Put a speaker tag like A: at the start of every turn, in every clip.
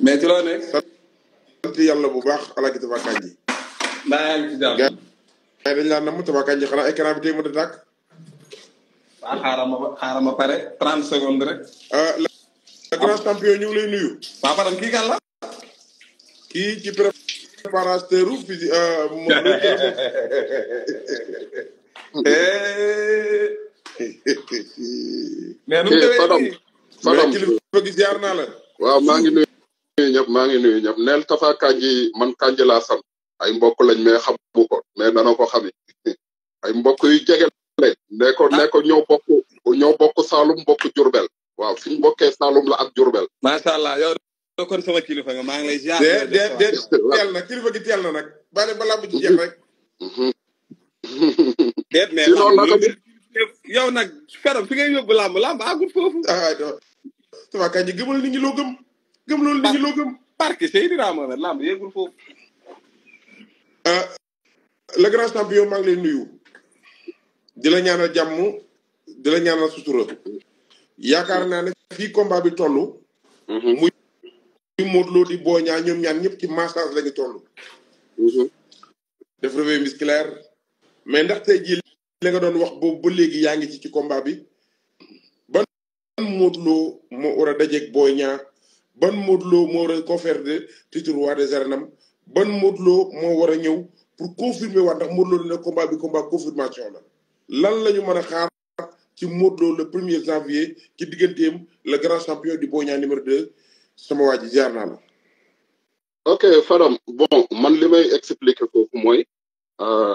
A: mais ci loo nekk. sant yàlla bu baax alaaji Tapha Kandji. mbaa ngi ci jàmm. gars yi dañu naan namm Tapha Kandji xanaa écran bi tey mën a tàkk. waaw xaaral ma pare 30 secondes rek. Euh, le grand champion ñu ngi lay nuyu. waaw Fadam kii kan la. kii ci préparateur u fii euh, moom la eh.
B: mais nu mu eh, demee nii Fadam Fadam. ziar naa waaw maa ngi nuyu ñëpp maa ngi nuyu ñëpp neel Tafa Kanji man Kanji laa sant ay mbokk lañ mais xamu ko mais dana ko xami ay mbokk yu jege lañ ne ko ne ko ñoo bokk ñoo bokk Saalum Jurbel waaw fi bokke bokkee la ak Jurbel.
A: macha allah yow doo kon sama maa ngi lay na kilifa gi teel na nag. bale rek. yow nag fero fi ngay yóbbu làmb Tapha Kandji gëmal li ñi loo gëm gëm loolu nit ñi loo gëm barke Seydina Mohamed lamb yëgul foofu euh, le grand champion maa ngi nuyu di la jàmm di la ñaanal sutura yaakaar naa ne fii combat bi toll mhm. muy Modou Lo di Boy ñoom ñaan ñëpp ci massage la ñu toll mhm. def réveil musculaire mais ndax te jii li nga doon wax boobu ba léegi yaa ngi ci ci combat bi ban Modou Lo moo war a Boy Niang ban modlo mo wara war a conférer titre roi des arènes ban modlo mo wara ñew pour confirmer wa ndax modlo le combat bi combat confirmation la lan lañu mëna xaar ci modlo le 1er janvier ci digëntéem le grand
B: champion du Boy Niang numéro 2 sama waji ji la. ok Fadam bon man limay expliquer expliquer moy euh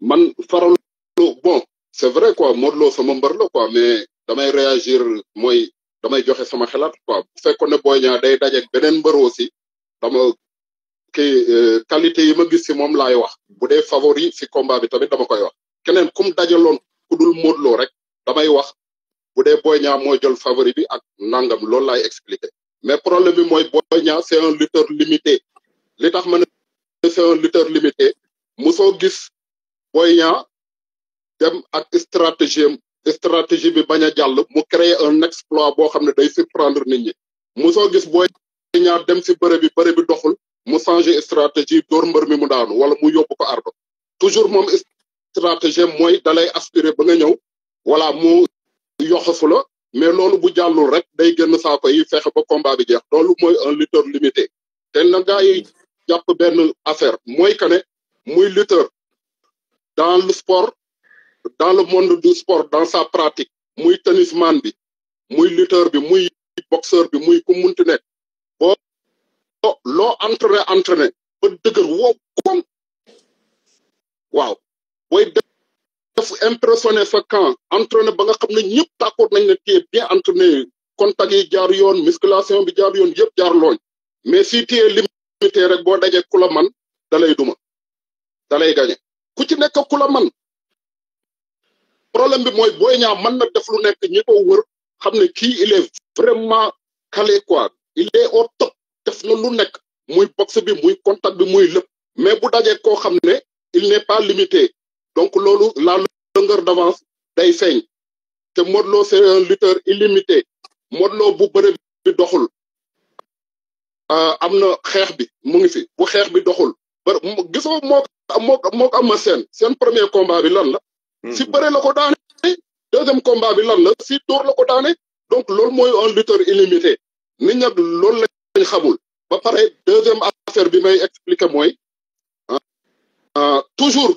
B: man faral bon c'est vrai quoi modlo sama mbër la quoi mais damay réagir moy damay joxe sama xalaat quoi bu fekkoon ne Boy Niang day dajé benen mbër aussi dama kii euh, qualité yi ma gis si moom laay wax bu dee favori fi combat bi tamit dama koy wax keneen kum dajalon kudul modlo rek damay wax bu dee Boy Niang moo jël favori bi ak nangam loolu lay expliquer mais problème bi mooy Boy Niang c'est un lutteur limité li tax ma c'est un lutteur limité mosoo gis Boy Niang dem ak stratégie stratégie bi baña jall mu créer un exploit bo xam day surprendre nit ñi mosoo gis boy ñaar dem ci bëre bi bëre bi doxul mu changer stratégie door mbër mi mu daanu wala mu yóbbu ko ardo toujours mom stratégie moy dalay aspirer ba nga ñew wala mu yoxofu la mais loolu bu jallul rek day gën sa ko yi fexé ba combat bi jeex loolu moy un lutteur limité té na gaay yi jàpp benn affaire moy kané ne muy lutteur dans le sport dans le monde du sport dans sa pratique muy tennisman bi muy lutteur bi muy boxeur bi muy ku munti nekk loo entraîné entraîné ba dëgër woo koom waaw booy def impressionné sa camp entraîné ba nga xam ne ñëpp d'accord nañ ne tey bien entraîné contact yi jaar yoon musculation bi jaar yoon yëpp jaar looñ mais si tey limité rek boo dajee ku man dalay duma dalay gañe ku ci nekk ku man problème bi mooy Boy Niang mën na def lu nekk ñi ko wër xam ki il est vraiment calé quoi il est au top def na lu nekk moy boxe bi moy contact bi moy lépp mais bu dajé ko xam il n'est pas limité donc lolu la longueur d'avance day feeñ te modlo c'est un lutteur illimité modlo bu bëre bi doxul euh amna xex bi mu ngi fi bu xex bi doxul ba gisoo moo moo moo ko am seen seen premier combat bi lan la si bëre la ko daane deuxième combat bi lan la si dóor la ko daane donc loolu mooy un lutteur illimité nit ña loolu lañ xamul ba pare deuxième affaire bi may expliquer mooy ah, ah, toujours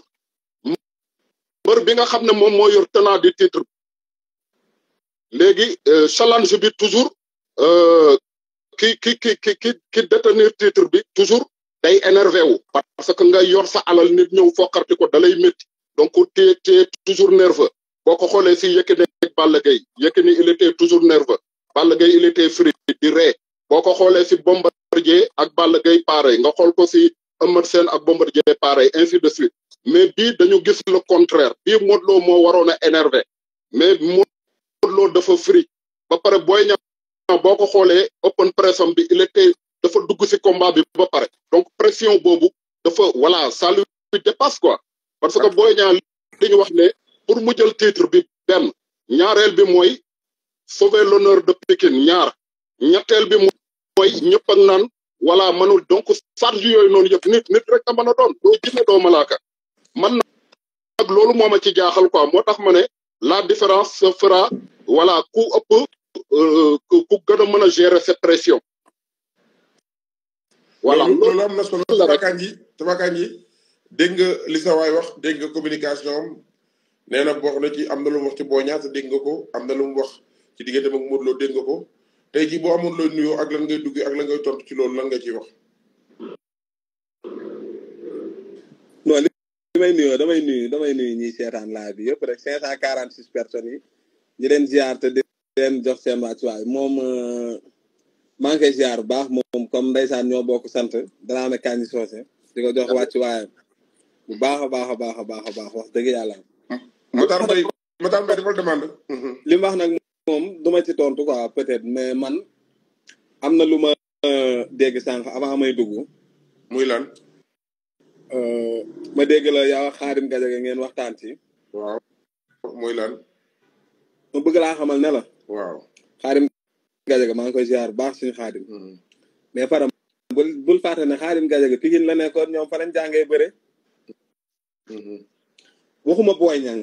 B: mbër bi nga xam ne moom moo yor tenant du titre léegi euh, challenge bi toujours euh, ki ki ki ki ki ki détenir titre bi toujours day énervé wu parce que nga yor sa alal nit ñëw fokkarti da lay métti donc tu es toujours nerveux Boko ko xoolee si Yékini ak il était toujours nerveux Balla il était fri di Boko boo ko Bombardier ak Balla pareil nga xool ko si Eumeu Sène ak Bombardier pareil ainsi de suite mais bii dañu gis le contraire bii Modou Lo moo waroon a énervé mais Modou Lo dafa fri ba pare Boy Niang Boko ko open pression bi il était dafa dugg si combat bi ba pare donc pression de dafa voilà ça lui dépasse quoi parce que Boy Niang li ñu wax ne pour mu titre bi benn ñaareel bi mooy sauver l'honneur de Pikine ñaar ñetteel bi mooy ñëpp ak naan wala mënul donc charge yooyu noonu yëpp nit nit rek a mën a doon doo jinne man nag loolu moo ma ci jaaxal quoi moo tax ma ne la différence se fera voilà ku ëpp euh, ku gën a mën a gérer cette pression voilà loolu am na
A: solo tabakaan yi tabakaan dégg nga li sa waay wax dégg nga communication am nee na wax na ci am na lu mu wax ci Boy Niang te dégg nga ko am na lu mu wax ci diggante ak Modou Lo dégg nga ko tey jii boo amoon looy ak lan ngay dugg ak lan ngay ci loolu lan nga ciy wax. non li nuyoo damay nuyu damay nuyu ñiy seetaan laa bi yëpp rek 546 personnes yi di leen ziar te di leen jox seen wàccuwaay moom euh, maa ngi koy ziar bu baax moom comme ndeysaan ñoo bokk sant danaa ne Kandji di ko jox wàccuwaayam. bu baax a baax a baax a baax a baax wax dëgg yàlla. Matar Mbaye Matar Mbaye dafa demande. Mm-hmm. li mu wax nag moom duma ci tontu quoi peut-être mais man am na lu ma euh, dégg sànq avant may dugg. muy lan. Euh, ma dégg la yaa wax Xaadim Gajaga ngeen waxtaan ci. waaw muy lan. ma bëgg laa xamal ne la. waaw Xaadim Gajaga maa ngi koy ziar baax suñu Xaadim. Mm-hmm. mais faram bul bul fàtte ne Xaadim Gajaga Pikine la nekkoon ñoom fa lañ jàngee bëre. Mm-hmm. waxuma booy ñang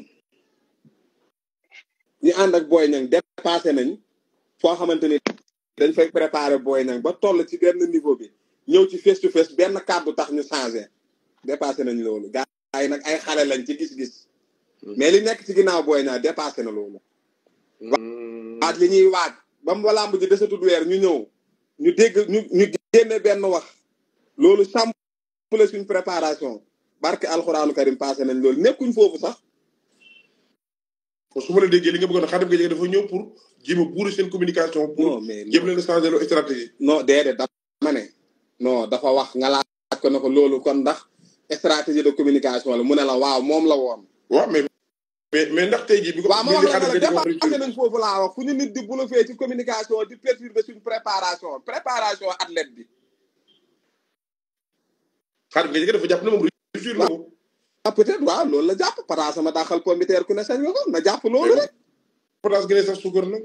A: ñi ànd ak booy ñang dépassé nañ foo xamante ni dañ fay préparer booy ñang ba toll ci benn niveau bi ñëw ci face to face benn kàddu tax ñu changé dépassé nañ loolu gars yi nag ay xale lañ ci gis-gis mm-hmm. mais li nekk ci ginnaaw booy ñaa dépasé na loolu mm-hmm. waaj li ñuy waaj ba mu lamb ji desatul weer ñu ñëw ñu dégg ñu ñu génne benn wax loolu sàmm la suñ préparation barke alxuraanu karim passé nañ loolu nekkuñ foofu sax. kon su ma la déggee li nga bëggoon a xarit nga dafa ñëw pour jéem a buuri seen communication. pour jéem leen changer leur stratégie. non déedéet dama ne. non dafa wax nga laaj ko ne ko loolu kon ndax stratégie de communication la mu ne la waaw moom la woon. waa mais mais mais ndax tey jii. bi ko waaw ma wax la ne la dépassé nañ foofu laa wax fu ñu nit di bluffé ci communication di perturber suñ préparation préparation athlète bi. xarit nga dafa jàpp ne moom mesure la ko. ah peut loolu la jàpp pataas sama dàqal pomme de ku ne sañ nga ko na jàpp loolu rek. pataas gën a sax suukar nag.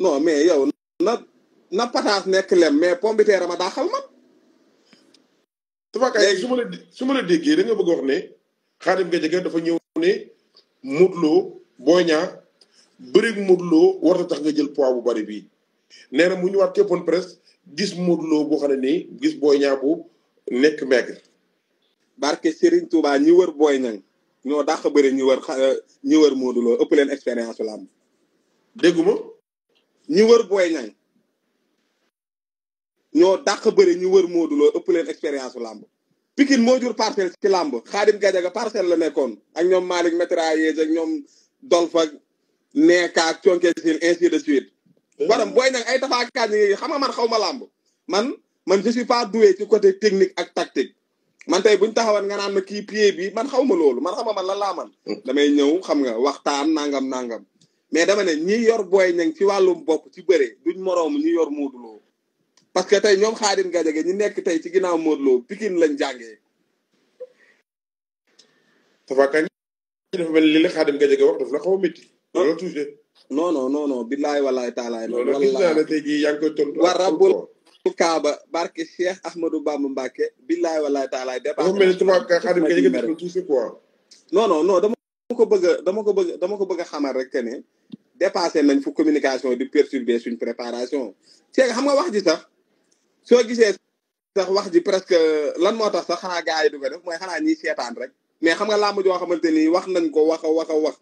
A: non mais yow na na pataas nekk lem mais pomme de terre ma dàqal man. léegi su ma la su ma la déggee da nga bëgg wax ne Khadim Gadiaga dafa ñëw ne Modou Lo Boy Niang bërig war na tax nga jël poids bu bari bii nee na mu ñëwaat téppoon presse gis Modou Lo boo xam ne nii gis Boy Niang bu nekk maigre barke Serigne Touba ñi wër booy Niang ñoo dàq bëre ñi wër euh, ñi wër Modou ëpp leen expérience la am. dégguma ñi wër booy Niang ñoo dàq bëri ñi wër Modou ëpp leen expérience la am. Pikine moo jur parcelle ci làmb Xaadim Gajaga parcelle la nekkoon ak ñoom Malick Métraillé ak ñoom Dolfa Neeka ak Conke Sil ainsi de suite. waram booy Niang ay tafaakaan yi xam nga man xaw ma làmb man man je suis pas doué ci côté technique ak tactique. man tey buñ taxawan nga naan ma kii pie bi man xaw ma loolu man xam nga man lan laa mm. damay ñëw xam nga waxtaan nangam nangam mais dama ne ñi yor booy ñang ci wàllum bopp ci bëre duñ moroom ñi yor Modou Lo parce que tey ñoom Khadim Gadiaga ñi nekk tey ci ginnaaw Modou Lo lañ jàngee Tapha Kandji li la Khadim Gadiaga wax la xaw a métti loolu touché non non non non billaay walaay taalaay loolu gis naa ne Kaaba barke Cheikh Ahmadou Bamba Mbacke billaay walaay taalaay. dépassé ma mel tubaab ka xadim ka yëkkati ko tuuti quoi. non non non dama ko bëgg a dama ko bëgg dama ko bëgg a rek ne dépassé nañ fu communication di perturber suñ préparation. Cheikh xam nga wax ji sax soo gisee sax wax ji presque lan moo tax sax xanaa gars yi du ko def mooy xanaa ñi seetaan rek. mais xam nga làmb joo xamante ni wax nañ ko wax a wax a wax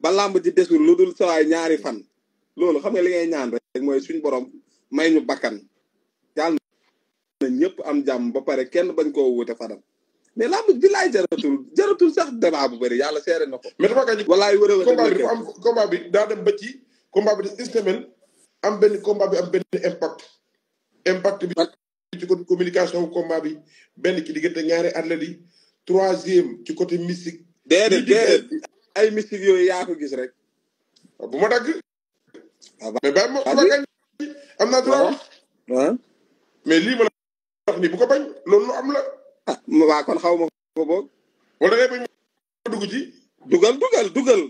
A: ba làmb ji desul lu dul sawaay ñaari fan loolu xam nga li ngay ñaan rek mooy suñ borom may ñu bakkan. na ñëpp am jàmm ba pare kenn bañ koo wuute fadam mais làmb bi laay jaratul jaratul sax débat bu bëri yàlla seere na ko. mais dafa gàcce walaay wërëwër combat bi dafa am combat bi daa dem ba ci combat bi des une semaine am benn combat bi am benn impact. impact bi ci côté communication wu combat bi benn ci diggante ñaari athlètes yi troisième ci ay mystique yooyu yaa ko gis rek. Ah, bu ma dagg. Ah, mais bàyyi ma am naa droit ah. mais lii ma wax ni bu ko bañ loolu lu am la. ah waa kon xaw ma ko boog. wala da ngay dugg ci. dugal dugal dugal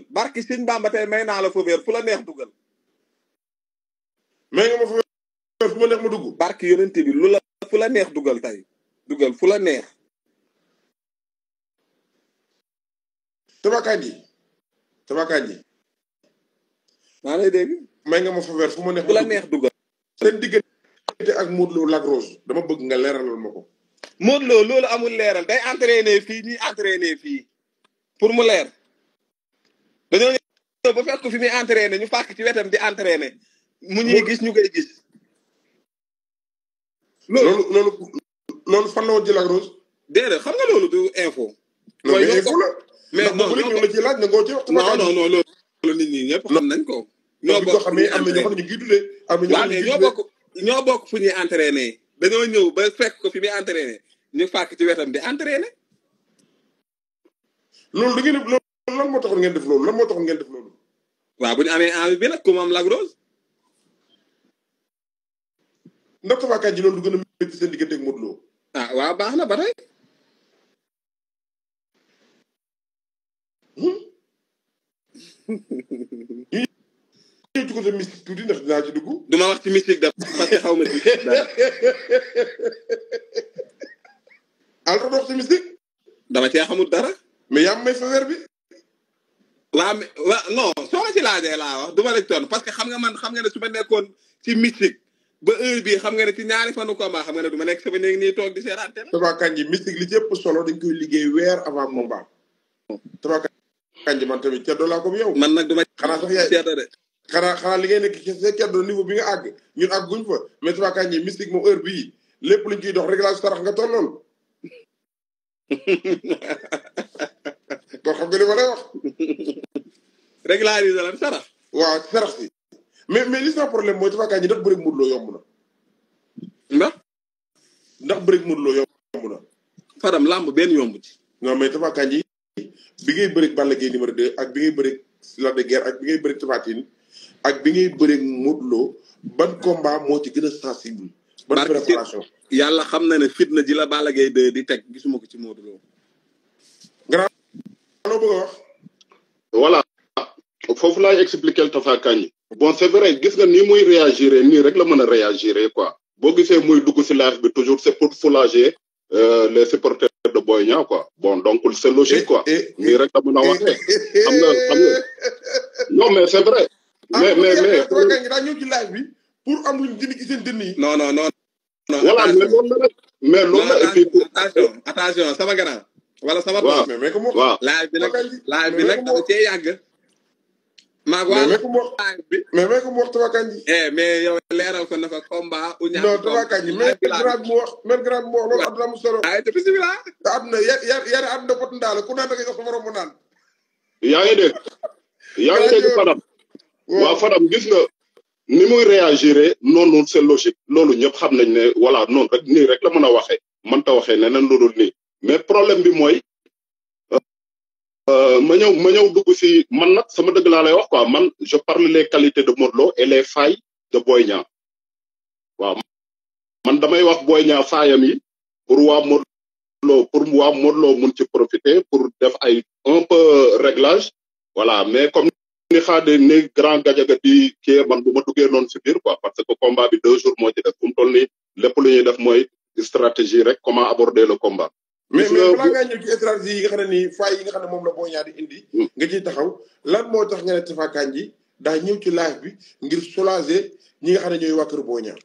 A: Sëñ Bamba tey may la feu vert fu neex dugal. may nga ma feu fu ma neex ma dugg. barki yonent bi lu la fu la neex dugal tey dugal fu la neex. tabaakaat yi tabaakaat yi. maa lay dégg. may nga ma feu vert fu ma neex. fu la neex dugal. seen diggante ak Modou Lo Lac dama bëgg nga leeralal ma ko. Modou Lo loolu amul leeral day entraîné fii ñuy entraîné fii pour mu leer dañoo ñëw ba fekk fi muy entraîné ñu fàkk ci wetam di entraîné mu ñuy gis ñu koy gis. loolu loolu fan la woon ci Lac Rose. déedéet xam nga loolu du info.
B: mooy mais info la.
A: mais non non la ci laaj na ngoo ci wax. non non non loolu nit ñi ñëpp xam nañ ko. ñoo bokk ñoo bokk am na ñoo xam ne ñu ngi dundee. am na ñoo xam ñoo bokk fu ñuy entraîné dañoo ñëw ba fekk ko fi muy entraîné ñu fàkk ci wetam di entraîné. loolu da ngeen loolu lan moo taxoon ngeen def loolu lan moo taxoon ngeen def loolu. waaw bu ñu amee envie bi nag ku mu am Lac Rose. ndax tabaakaay ji loolu du gën a ah, waaw baax na ba tey. ñu hmm? ko sa mystique tuuti ndax dinaa ci dugg. du ma wax ci mystique daf parce que xaw ma ci dara. alors dox ci mystique. dama cee xamul dara. mais yaa may fa weer bi. waa wa non soo ma ci laajee laa wax du ma la tontu parce que xam nga man xam nga ne su ma nekkoon ci mystique ba heure bii xam nga ne ci ñaari fanu combat xam nga ne du nekk sama néeg nii toog di seetaan la Tapha Kandji mystique li jëpp solo dañ koy liggéey weer avant combat. Tapha Kandji man tamit ceddoo laa ko yow. man nag du xanaa sax yaay xanaa xanaa li ngay nekk c'est cadre niveau bi nga àgg ñun àgguñ fa mais Tapha Kandji mystique moom heure bii lépp luñ ciy dox réglage sarax nga tolloon kon xam nga li ma lay wax. réglage lan sarax. waaw sarax si mais mais li sama problème mooy Tapha Kandji ndax bëri Modou Lo yomb na. ndax. ndax bëri Modou Lo yomb na. Fadam làmb benn yomb ci. non mais Tapha Kandji bi ngay bëri Balla Gaye numéro 2 ak bi ngay bëri Lac de Guiers ak bi ngay bëri ak bi ngay bëreeg Modou Lo ban combat moo ci gën a sensible. ban préparation yàlla xam na ne fitna ji la Balla
B: Gaye di teg gisuma ko ci Modou Lo. grand loo bëgg a wax. voilà foofu laay expliquer bon c'est vrai gis nga ni muy réagir nii rek la mën a réagir quoi. boo gise muy dugg si live bi toujours c'est pour soulager euh, les supporters de Boy Niang quoi bon donc c'est logique quoi. nii rek la mën a waxee xam nga xam nga non mais c'est vrai.
A: Ah, mais mais mais daa euh, ñëw ci live bi pour am luñ dindi ci seen dënn yi. non non non. voilà mais loolu la mais loolu la et puis attention attention sama grand. wala sama tool mais mais ko waaw live bi nag live bi nag dama cee yàgg. maa eh, na fa combat. u ñaar non Tapha Kandji mais grand bi mu wax mais grand bi loolu am na am solo. waaye te bisimilah.
B: te waaw Fadam gis nga ni muy réagir noonu c'est logique loolu ñëpp xam nañ ne voilà noonu rek nii rek la mën a waxee mënta waxee neneen loolu nii mais problème bi mooy euh, euh, ma ñëw ma ñëw dugg si man nag sama dëgg laa lay wax quoi man je parle les qualités de Modou et les failles de Boy Niang waaw man damay wax Boy Niang faayam yi pour waa Modou Lo pour waa Modou Lo mun ci profiter pour def ay un peu réglage voilà mais comme ni xaade ni grand gajaga di kii man bu ma duggee noonu si biir quoi parce que combat bi deux jours moo ci def fu mu toll lépp lu ñuy def mooy stratégie rek comment aborder le combat. mais mais
A: balaa yi nga xam ne nii faay yi nga xam ne moom la boo ñaari indi. Hmm. nga ciy
B: taxaw lan moo tax nga ne ka Kandji daa ñëw ci live bi ngir soulager ñi nga xam ne ñooy waa kër boo ñaar.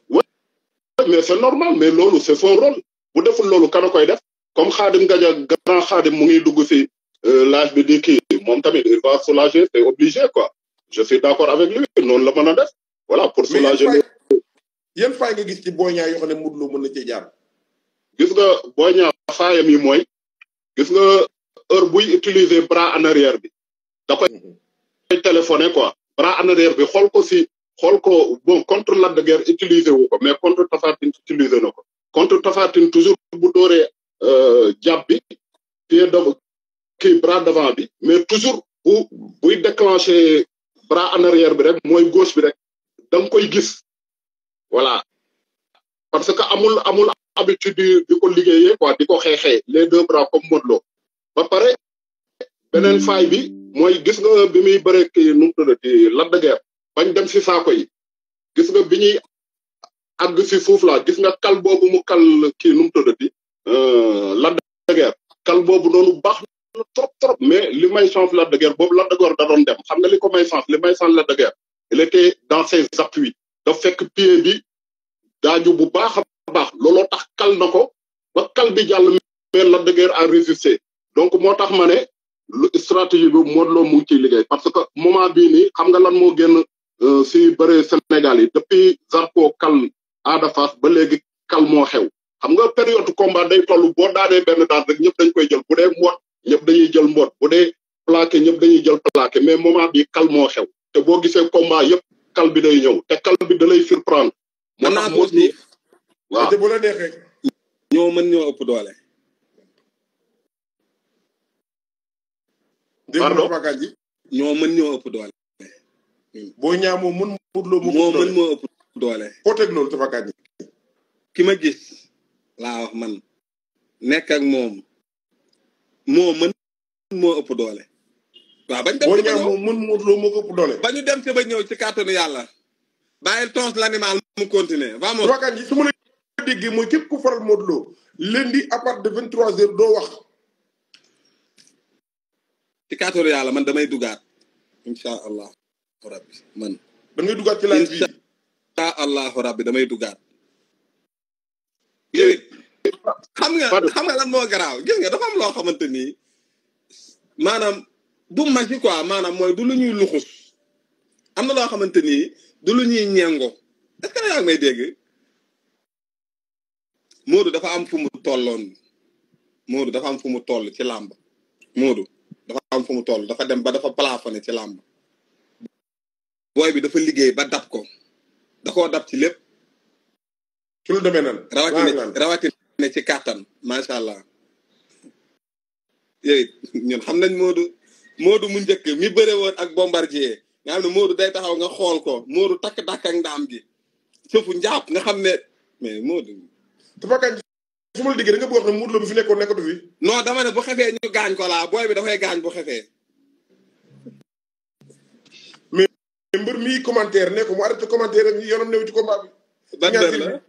B: mais c'est normal mais loolu c'est son rôle bu deful loolu kan koy def comme xaadim gaja grand xaadim mu ngi dugg si euh, live bi di kii. Mon ami, il va soulager c'est obligé quoi je suis d'accord avec lui Non, le y voilà pour soulager
A: yan faay nga vous ci na gis nga
B: nga heure utiliser bras en arrière bi da koy mhm. quoi bras en arrière bi xol ko si xol bon contre de utiliser vous mais contre tafatin utiliser contre tafatin toujours bu dóoree euh, donc ki bras devant bi mais toujours bu buy déclencher bras en arrière bi rek mooy gauche bi rek da nga koy gis voilà parce que amul amul habitude di ko liggéeyee quoi di ko xeexee les deux bras comme modlo ba pare beneen faay bi mooy gis nga bi muy bëre ki nu mu tuddati Lac de guerre bañ dem si saako yi gis nga bi ñuy àgg si suuf la gis nga kal boobu mu kal kii nu mu tuddati euh, Lac de guerre kal boobu noonu baax trop trop mais li may la de guerre, bob la de guerre da doon dem xam nga li ko may chance li de guerre. il était dans ses appuis daf fek pied bi dañu bu baax baax lolo tax kal nako ba kal bi jàll mais la de guerre a résisté donc motax mané ma lu stratégie bi modlo Lo mu parce que moment bi ni xam nga lan mo génn euh, si bëre Sénégal yi depuis Zarko kal à Fass ba léegi kal mo xew xam nga période combat day toll boo daanee ben daan rek ñep dañ koy jël bu dé moo ñëpp dañuy jël mboot bu dee plaqué ñëpp dañuy jël plaqué mais moment bi kal te boo gisee combat yëpp kal bi day ñëw te kal bi da lay surprendre. moo tax moo ci waaw te ñoo mën ñoo ëpp doole.
A: pardon ñoo mën ñoo ëpp doole. boo ñaa moo mën Modou moo mën moo ëpp doole. foo teg loolu tabakat yi. ki ma gis laa wax man nekk ak moom. moo mën moo ëpp doole. waa bañ dem te ba ñëw
B: mën mu loo moo
A: ëpp ñu dem te ba ñëw ci kàttanu yàlla. bàyyil tons l'animal mu continuer vamos. rokkaan yi su ma la déggee mooy képp ku faral Modou Lo lundi à partir de 23h doo wax. ci kàttanu yàlla man damay dugaat. incha allah rabbi man. da dugaat ci laaj bi incha allahu rabbi damay dugaat. xam nga xam nga lan moo garaaw gis nga dafa am loo xamante ni maanaam du magi quoi maanaam mooy du lu ñuy luxus am na loo xamante ni du lu ñuy ñengo est-ce que yaa ngi may dégg Modou dafa am fu mu tolloon Modou dafa am fu mu toll ci làmb Modou dafa am fu mu toll dafa dem ba dafa plafonné ci làmb woy bi dafa liggéey ba dab ko dakoo koo dab ci lépp ci lu demee nan rawatina rawatina ne ci kàttan macha allah. yooyu ñun xam nañ Modou Modou mu njëkk mi bëre woon ak bombardier nga xam ne Modou day taxaw nga xool ko Modou takk dàkk ak ndaam gi sëfu njàpp nga xam ne mais Modou. Tapha Kandji su ma la déggee da nga bëgg wax ne Modou Lo bu fi nekkoon nekkatu ne bu xefee ñu gaañ ko laa booy bi dafay gaañ bu xefee. mais mbër mi commentaire ne ko mu arrêté commentaire rek yoonam néew ci combat bi. ban la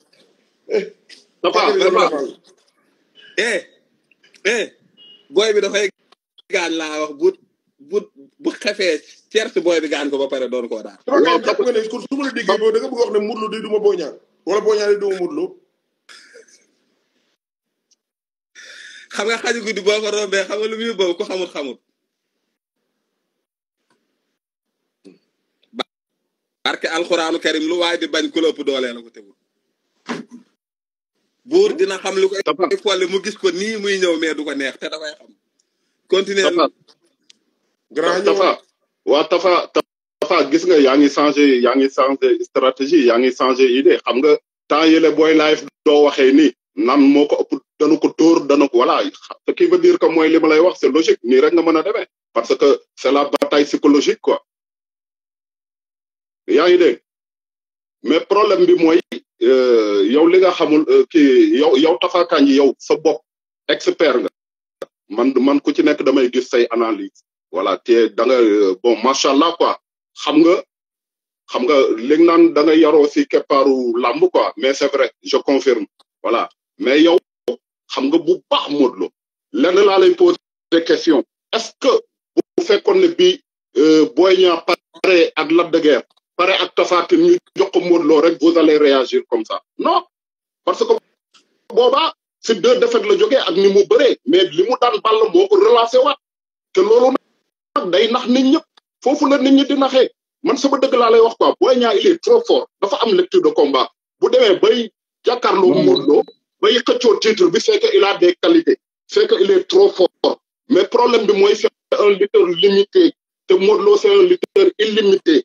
A: Tapha vraiment eh eh booy bi dafay gaan laa wax bu bu bu xefee certes booy bi gaan ko ba pare doon koo daal.
B: waaw jàpp nga ne kon su ma la déggee boobu da nga bëgg wax ne Modou
A: Lo day duma Boy Niang wala Boy Niang day duma Modou Lo. xam nga xaju guddi boo ko rombee xam nga lu muy boobu ku xamul xamul. barke alxuraanu karim lu waaye di bañ ku la ëpp doole la ko tegul. buur dina xam lu koy def wala mu gis ko
B: nii muy ñëw mais du ko neex te dafay xam continuer grand tafa waa tafa tafa gis nga yaa ngi changé yaa ngi changé stratégie yaa ngi changé idée xam nga temps yële booy live doo waxee ni nan moo ko ëpp dana ko tour dana ko voilà ce qui veut dire que mooy li ma lay wax c'est logique nii rek nga mën a demee parce que c'est la bataille psychologique quoi yaa ngi dégg problème bi mooy Euh, yow li nga xamul euh, kii yow yow Tapha Kandji yow sa bopp expert nga man man ku ci nekk damay gis say analyse voilà te da nga euh, bon macha allah quoi xam nga xam nga léegi naan da nga yaroo si keppaaru làmb quoi mais c'est vrai je confirme voilà mais yow xam nga bu baax Modou Lo lenn laa question est-ce que bu fekkoon ne bi Boy Niang pare ak Lac de pare ak tafaatin ñu jox ko Modou Lo rek vous allez réagir comme ça non parce que boobaa si deux défaites la joge ak ni mu bëree mais li mu daan ball moo ko relancé waat te loolu nag day nax nit ñëpp foofu la nit ñi di naxee man sama dëgg laa lay wax quoi a Niang il est trop fort dafa am lecture de combat bu demee bay jàkkaarloo Modou Lo bay xëccoo titre bi c'est que il a des qualités c'est il est trop fort mais problème bi mooy c'est un lutteur limité te Modou Lo un lutteur illimité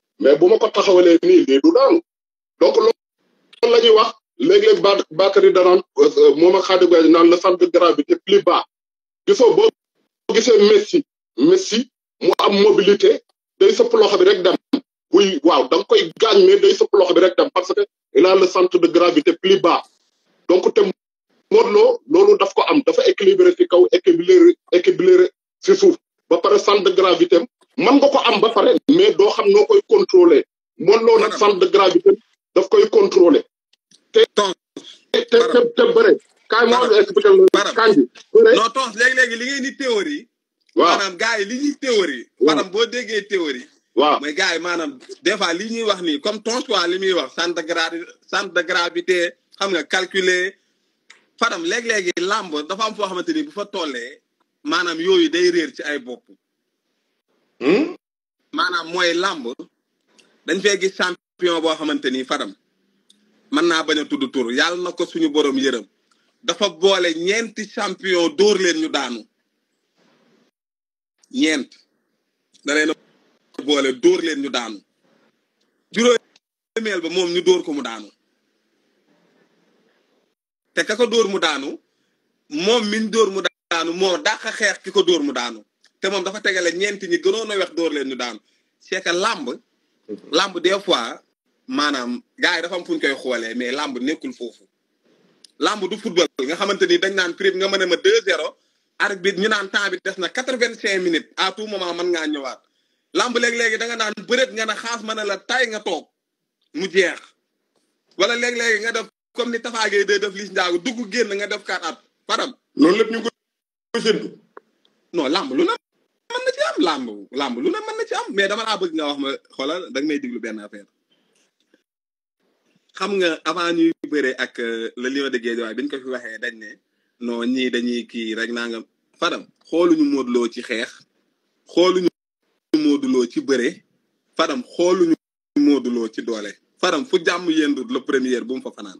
B: mais bu ma ko taxawalee nii lii du daanu donc loolu la ñuy wax léeg-léeg ba Bakary danaan euh, moom ak Khady Gueye naan le centre de gravité plus bas gisoo boo gisee Messi Messi mu am mobilité day sëpp loxo bi rek dem buy waaw da koy gaañ mais day sëpp loxo bi rek dem parce que il a le centre de gravité plus bas donc te Modou Lo loolu daf ko am dafa équilibré si kaw équilibré équilibré ci suuf ba pare centre de gravité man nga ko am ba pare mais doo xam noo koy contrôler Modou Lo nag centre de gravité daf koy contrôler te te te bëre kaay moo expliqué la kanji bëre non tons léegi-léegi li
A: ngay ni théorie wa maanaam gars yi li ñuy théorie maanaam boo déggee théorie waaw mooy gars yi maanaam des fois li ñuy wax nii comme tons quoi li muy wax centre de gravité centre de gravité xam nga calculer Fadam léeg-léegi làmb dafa am foo xamante ni bu fa tollee maanaam yooyu day réer ci ay bopp Hmm? maanaam mooy làmb dañ fee gis champion boo xamante ni Fadam mën naa bañ a tudd tur yàlla na ko suñu boroom yërëm dafa boole ñeenti champion dóor leen ñu daanu ñeent da leen boole dóor leen ñu daanu juróomeel ba moom ñu dóor ko mu daanu te ka ko dóor mu daanu moom miñ dóor mu daanu moo dàq xeex ki ko dóor mu daanu te moom dafa tegale ñeenti ñi gënoon a wex dóor leen ñu daan c'est que làmb làmb des fois maanaam gaa yi dafa am fu koy xoolee mais làmb nekkul foofu làmb du football nga xamante ni dañ naan prix bi nga mën a ma deux zéro bi ñu naan temps bi des na quatre vingt cinq minutes à tout moment mën ngaa ñëwaat làmb léeg-léegi da nga naan bëreet nga ne xaas ma a la tay nga toog mu jeex wala léeg-léegi nga def comme ni Tafa Gueye def Liss Ndiago dugg génn nga def kaat at faram loolu lépp ñu ko séntu làmb lu na mën na ci am làmb làmb lu ne mën na ci am mais dama laa bëgg nga wax ma xoolal danga may diglu benn a affaire xam nga avant ñuy bëree ak euh, la lion de Guédiawaye bi ñu fi waxee dañ ne non ñii dañuy kii rek naa nga fadam xooluñu Modou Lo ci xeex xooluñu Modou Lo ci bëree fadam xooluñu Modou Lo ci doole fadam fu jàmm yendut le premier bu mu fa fanaan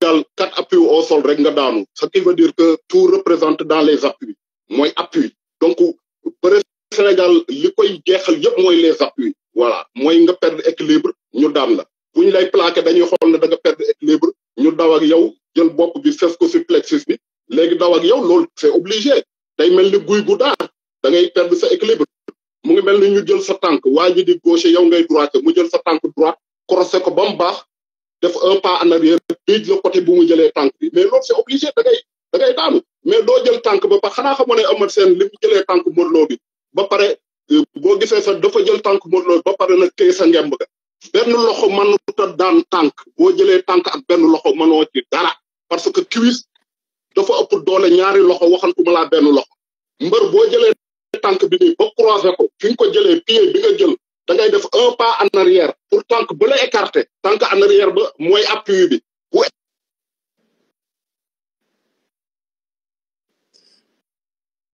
B: Sénégal quatre appuis au sol rek nga daanu ce qui veut dire que tout représente dans les appuis mooy appui donc bëre Sénégal li koy jeexal yëpp mooy les appuis voilà mooy nga perdre équilibre ñu daan la bu ñu lay plaqué dañuy xool ne da nga perdre équilibre ñu daw ak yow jël bopp bi fes ko ci plexus bi léegi daw ak yow loolu c'est obligé day mel ni guy gu daan da ngay perdre sa équilibre mu ngi mel ni ñu jël sa tànk waa ji di gauche yow ngay droite mu jël sa tànk droite croisé ko ba mu baax def un pas en arrière déj la côté bu mu jëlee tànk bi mais loolu c'est obligé da ngay ngay daanu mais doo jël tànk ba pare xanaa xamoo ne Eumeu Sène li mu jëlee tànk Modou Lo bi ba pare euh, boo gisee sax dafa jël tànk Modou ba pare nag téye sa ngemb ga benn loxo mënut a daan tànk boo jëlee tànk ak benn loxo mënoo ci dara parce que cuisse dafa ëpp doole ñaari loxo waxantuma laa benn loxo mbër boo jëlee tànk bi nii ba ko fi nga ko jëlee pied bi nga jël da ngay def un pas en arrière pour tànk ba la écarter tànk en arrière ba mooy appui bi